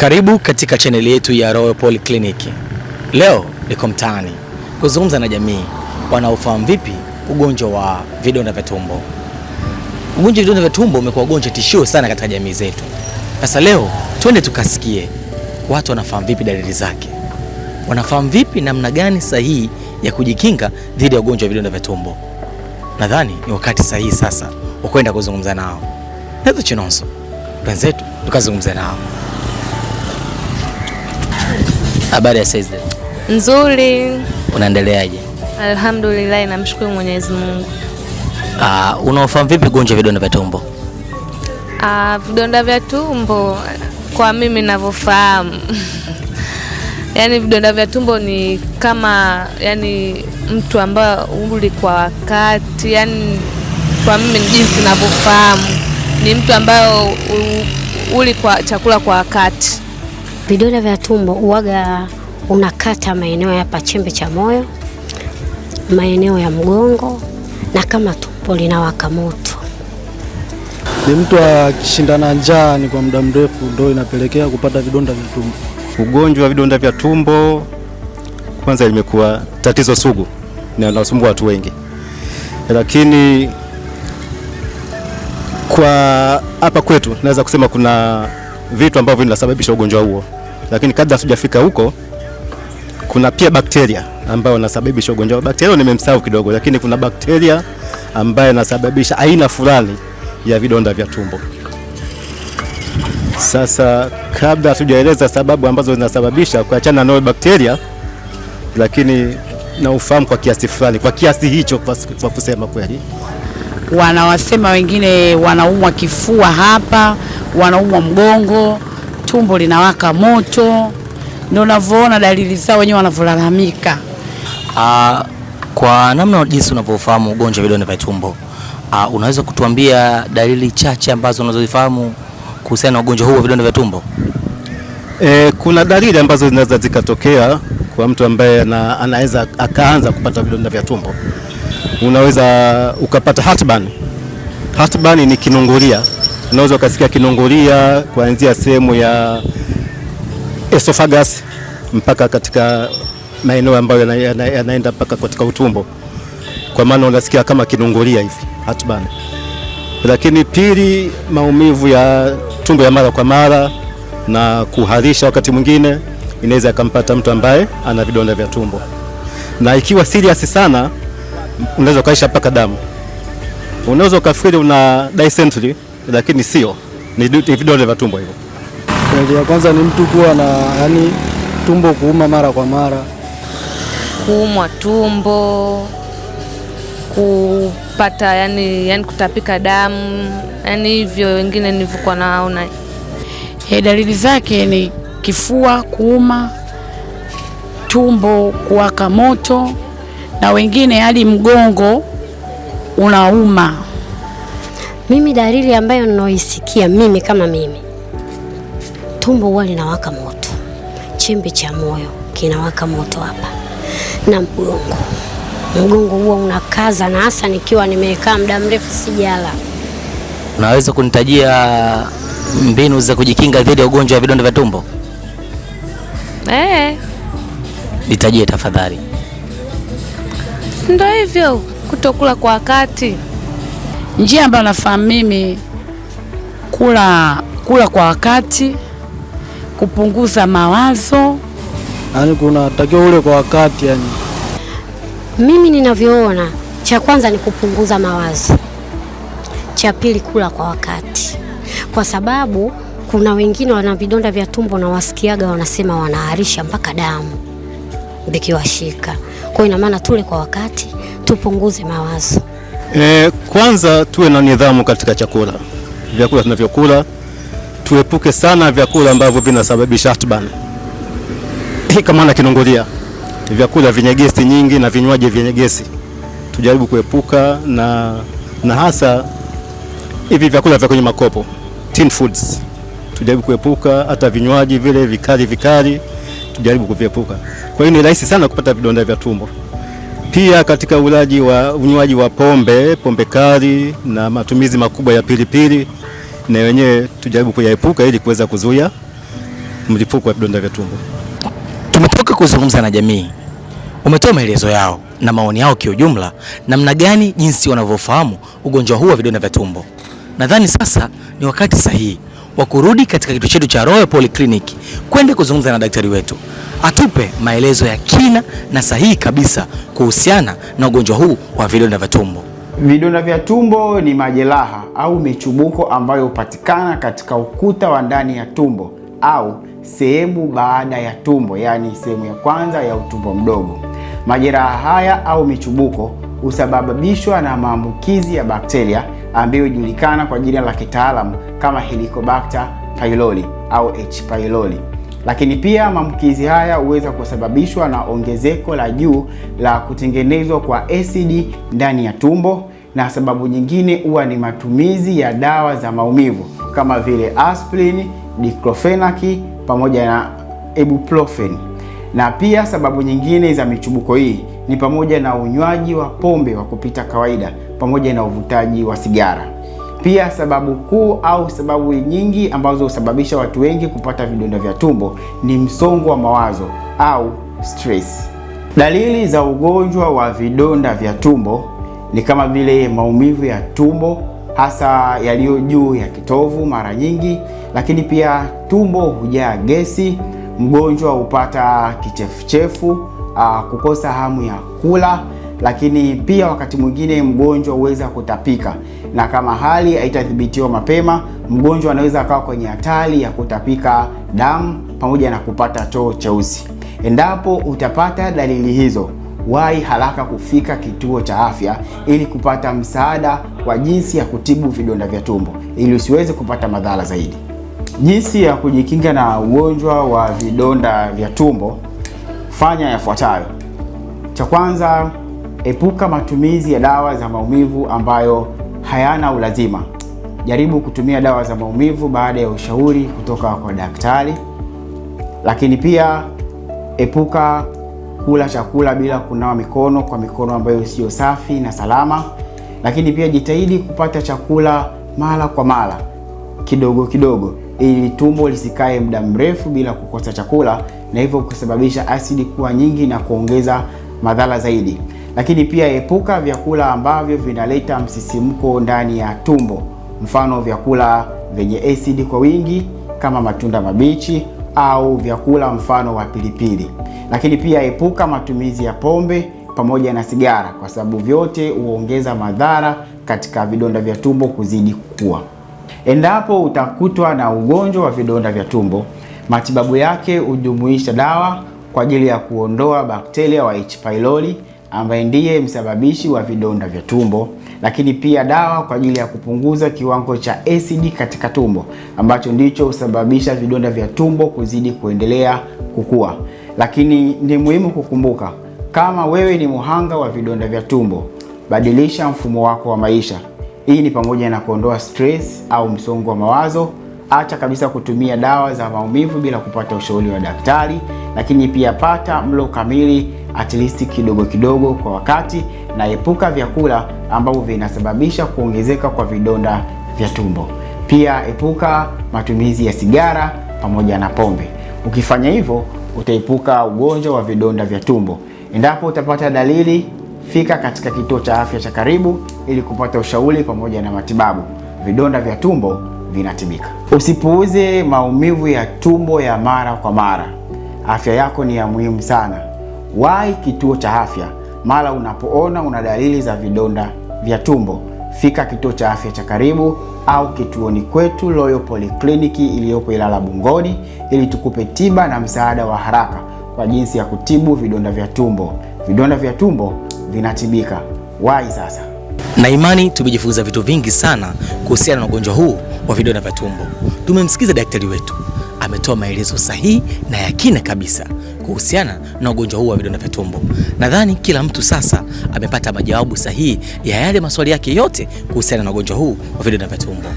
Karibu katika chaneli yetu ya Royal Poly Clinic. Leo niko mtaani kuzungumza na jamii wanaofahamu vipi ugonjwa wa vidonda vya tumbo. Ugonjwa wa vidonda vya tumbo umekuwa ugonjwa tishio sana katika jamii zetu. Sasa leo twende tukasikie watu wanafahamu vipi dalili zake, wanafahamu vipi namna gani sahihi ya kujikinga dhidi ya ugonjwa wa vidonda vya tumbo. Nadhani ni wakati sahihi sasa wa kwenda kuzungumza nao. Neto Chinonso, wenzetu tukazungumza nao. Habari ya saizi? Nzuri. Unaendeleaje? Alhamdulillah, namshukuru Mwenyezi Mungu. Uh, unaofahamu vipi gonjwa vidonda vya tumbo? Uh, vidonda vya tumbo kwa mimi ninavyofahamu yaani vidonda vya tumbo ni kama yani mtu ambaye uli kwa wakati, yani kwa mimi jinsi ninavyofahamu ni mtu ambaye uli kwa chakula kwa wakati Vidonda vya tumbo uwaga unakata maeneo ya pachembe cha moyo, maeneo ya mgongo na kama tumbo linawaka moto. Ni mtu akishindana njaa ni kwa muda mrefu, ndio inapelekea kupata vidonda vya tumbo. Ugonjwa wa vidonda vya tumbo kwanza limekuwa tatizo sugu na linasumbua watu wengi, lakini kwa hapa kwetu naweza kusema kuna vitu ambavyo vinasababisha ugonjwa huo lakini kabla sijafika huko, kuna pia bakteria ambayo wanasababisha ugonjwa wa bakteria. Nimemsahau kidogo, lakini kuna bakteria ambaye anasababisha aina fulani ya vidonda vya tumbo. Sasa kabla hatujaeleza sababu ambazo zinasababisha, kuachana nayo bakteria, lakini na ufahamu kwa kiasi fulani, kwa kiasi hicho, kwa kusema kweli, wanawasema wengine wanaumwa kifua hapa, wanaumwa mgongo tumbo linawaka moto, ndio unavyoona dalili zao wenyewe wanavyolalamika. Uh, kwa namna jinsi unavyofahamu ugonjwa vidonda vya tumbo uh, unaweza kutuambia dalili chache ambazo unazozifahamu kuhusiana na ugonjwa huu wa vidonda vya tumbo? E, kuna dalili ambazo zinaweza zikatokea kwa mtu ambaye anaweza akaanza kupata vidonda vya tumbo. Unaweza ukapata heartburn. Heartburn ni kinungulia unaweza ukasikia kinungulia kuanzia sehemu ya esophagus mpaka katika maeneo ambayo yanaenda yana, yana mpaka katika utumbo, kwa maana unasikia kama kinungulia hivi hatbana. Lakini pili, maumivu ya tumbo ya mara kwa mara na kuharisha, wakati mwingine inaweza ikampata mtu ambaye ana vidonda vya tumbo, na ikiwa serious sana unaweza ukaisha mpaka damu, unaweza ukafikiri una dysentery lakini sio, ni vidole vya tumbo hivyo. Dalili ya kwanza ni mtu kuwa na yani tumbo kuuma mara kwa mara, kuumwa tumbo, kupata yani, yani kutapika damu yani hivyo, wengine nilivyokuwa naona. E, eh, dalili zake ni kifua kuuma, tumbo kuwaka moto, na wengine hadi mgongo unauma. Mimi dalili ambayo ninaisikia mimi kama mimi, tumbo huwa linawaka moto, chembe cha moyo kinawaka moto hapa na mgongo, mgongo huwa unakaza, na hasa nikiwa nimekaa muda mrefu sijala. Unaweza kunitajia mbinu za kujikinga dhidi ya ugonjwa wa vidonda vya tumbo? Eh, nitajie tafadhali. Ndio hivyo, kutokula kwa wakati Njia ambayo nafahamu mimi, kula kula kwa wakati, kupunguza mawazo, yani kuna takio ule kwa wakati. Yani mimi ninavyoona, cha kwanza ni kupunguza mawazo, cha pili kula kwa wakati, kwa sababu kuna wengine wana vidonda vya tumbo na wasikiaga wanasema wanaharisha mpaka damu vikiwashika. Kwa hiyo ina maana tule kwa wakati, tupunguze mawazo. E, kwanza tuwe na nidhamu katika chakula, vyakula tunavyokula, tuepuke sana vyakula ambavyo vinasababisha hatban kama na kinungulia, vyakula vyenye gesi nyingi na vinywaji vyenye gesi tujaribu kuepuka na, na hasa hivi vyakula vya kwenye makopo tin foods tujaribu kuepuka, hata vinywaji vile vikali vikali tujaribu kuviepuka. Kwa hiyo ni rahisi sana kupata vidonda vya tumbo. Pia katika ulaji wa unywaji wa pombe, pombe kali na matumizi makubwa ya pilipili, na wenyewe tujaribu kuyaepuka ili kuweza kuzuia mlipuko wa vidonda vya tumbo. Tumetoka kuzungumza na jamii, umetoa maelezo yao na maoni yao kiujumla, namna gani jinsi wanavyofahamu ugonjwa huu wa vidonda vya tumbo. Nadhani sasa ni wakati sahihi wa kurudi katika kituo chetu cha Royal Polyclinic kwenda kuzungumza na daktari wetu atupe maelezo ya kina na sahihi kabisa kuhusiana na ugonjwa huu wa vidonda vya tumbo. Vidonda vya tumbo ni majeraha au michubuko ambayo hupatikana katika ukuta wa ndani ya tumbo au sehemu baada ya tumbo, yaani sehemu ya kwanza ya utumbo mdogo. Majeraha haya au michubuko husababishwa na maambukizi ya bakteria ambayo hujulikana kwa jina la kitaalamu kama Helicobacter pylori au H pylori. Lakini pia maambukizi haya huweza kusababishwa na ongezeko la juu la kutengenezwa kwa asidi ndani ya tumbo, na sababu nyingine huwa ni matumizi ya dawa za maumivu kama vile aspirin, diclofenac pamoja na ibuprofen. Na pia sababu nyingine za michubuko hii ni pamoja na unywaji wa pombe wa kupita kawaida pamoja na uvutaji wa sigara. Pia sababu kuu au sababu nyingi ambazo husababisha watu wengi kupata vidonda vya tumbo ni msongo wa mawazo au stress. Dalili za ugonjwa wa vidonda vya tumbo ni kama vile maumivu ya tumbo hasa yaliyo juu ya kitovu mara nyingi, lakini pia tumbo hujaa gesi, mgonjwa hupata kichefuchefu, ah, kukosa hamu ya kula lakini pia wakati mwingine mgonjwa huweza kutapika, na kama hali haitathibitiwa mapema, mgonjwa anaweza akawa kwenye hatari ya kutapika damu pamoja na kupata choo cheusi. Endapo utapata dalili hizo, wahi haraka kufika kituo cha afya ili kupata msaada kwa jinsi ya kutibu vidonda vya tumbo ili usiweze kupata madhara zaidi. Jinsi ya kujikinga na ugonjwa wa vidonda vya tumbo, fanya yafuatayo. Cha kwanza Epuka matumizi ya dawa za maumivu ambayo hayana ulazima. Jaribu kutumia dawa za maumivu baada ya ushauri kutoka kwa daktari. Lakini pia epuka kula chakula bila kunawa mikono kwa mikono ambayo siyo safi na salama. Lakini pia jitahidi kupata chakula mara kwa mara, kidogo kidogo, ili tumbo lisikae muda mrefu bila kukosa chakula, na hivyo kusababisha asidi kuwa nyingi na kuongeza madhara zaidi. Lakini pia epuka vyakula ambavyo vinaleta msisimko ndani ya tumbo, mfano vyakula vyenye asidi kwa wingi kama matunda mabichi au vyakula mfano wa pilipili. Lakini pia epuka matumizi ya pombe pamoja na sigara, kwa sababu vyote huongeza madhara katika vidonda vya tumbo kuzidi kukua. Endapo utakutwa na ugonjwa wa vidonda vya tumbo, matibabu yake hujumuisha dawa kwa ajili ya kuondoa bakteria wa H. pylori ambaye ndiye msababishi wa vidonda vya tumbo, lakini pia dawa kwa ajili ya kupunguza kiwango cha asidi katika tumbo ambacho ndicho husababisha vidonda vya tumbo kuzidi kuendelea kukua. Lakini ni muhimu kukumbuka, kama wewe ni muhanga wa vidonda vya tumbo, badilisha mfumo wako wa maisha. Hii ni pamoja na kuondoa stress au msongo wa mawazo acha kabisa kutumia dawa za maumivu bila kupata ushauri wa daktari, lakini pia pata mlo kamili at least kidogo kidogo kwa wakati, na epuka vyakula ambavyo vinasababisha kuongezeka kwa vidonda vya tumbo. Pia epuka matumizi ya sigara pamoja na pombe. Ukifanya hivyo, utaepuka ugonjwa wa vidonda vya tumbo. Endapo utapata dalili, fika katika kituo cha afya cha karibu ili kupata ushauri pamoja na matibabu. Vidonda vya tumbo vinatibika. Usipuuze maumivu ya tumbo ya mara kwa mara. Afya yako ni ya muhimu sana. Wahi kituo cha afya mara unapoona una dalili za vidonda vya tumbo. Fika kituo cha afya cha karibu au kituoni kwetu Royal Polyclinic iliyopo Ilala Bungoni ili tukupe tiba na msaada wa haraka kwa jinsi ya kutibu vidonda vya tumbo. Vidonda vya tumbo vinatibika. Wahi sasa. Na imani tumejifunza vitu vingi sana kuhusiana na ugonjwa huu wa vidonda vya tumbo. Tumemsikiza daktari wetu, ametoa maelezo sahihi na ya kina kabisa kuhusiana na ugonjwa huu wa vidonda vya tumbo. Nadhani kila mtu sasa amepata majawabu sahihi ya yale maswali yake yote kuhusiana na ugonjwa huu wa vidonda vya tumbo.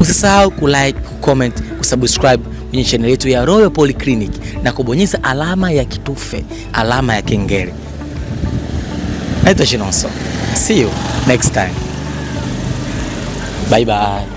Usisahau kulike, kucomment, kusubscribe kwenye channel yetu ya Royal Polyclinic na kubonyeza alama ya kitufe, alama ya kengele. Naitwa Shinonso. See you next time. Bye bye.